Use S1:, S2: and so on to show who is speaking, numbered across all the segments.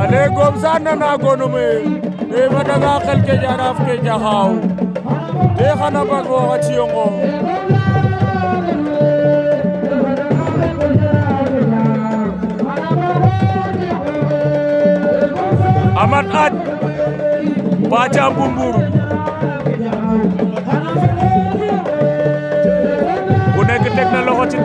S1: alegom sannanagonome e fadaga xel ke jaraaf ke jaxaaw te xana bag woxa ciyongo amat ad baca bumbur ku nekk teg na loxo ci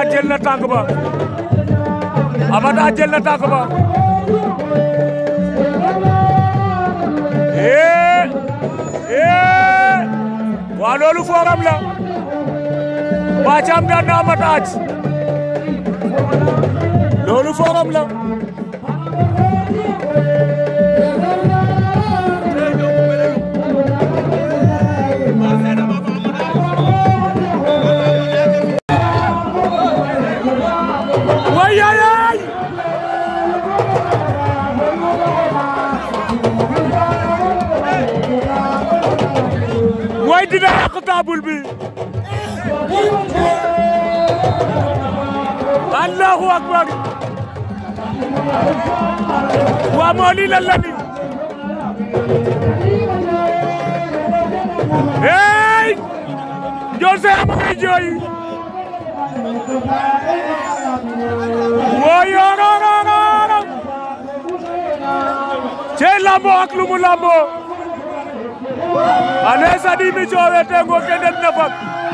S1: Abada jël na tànk ba Abada jël na tànk ba eh eh waa loolu fooram la Bathie am daan na Abada loolu fooram la وي وي وي دينا ياق طابول بي الله اكبر ومولي للنبي Hey! Yo sé, yo. cey lambo ak lu mu lambo ane sadi mi coowete ngo ke den na fak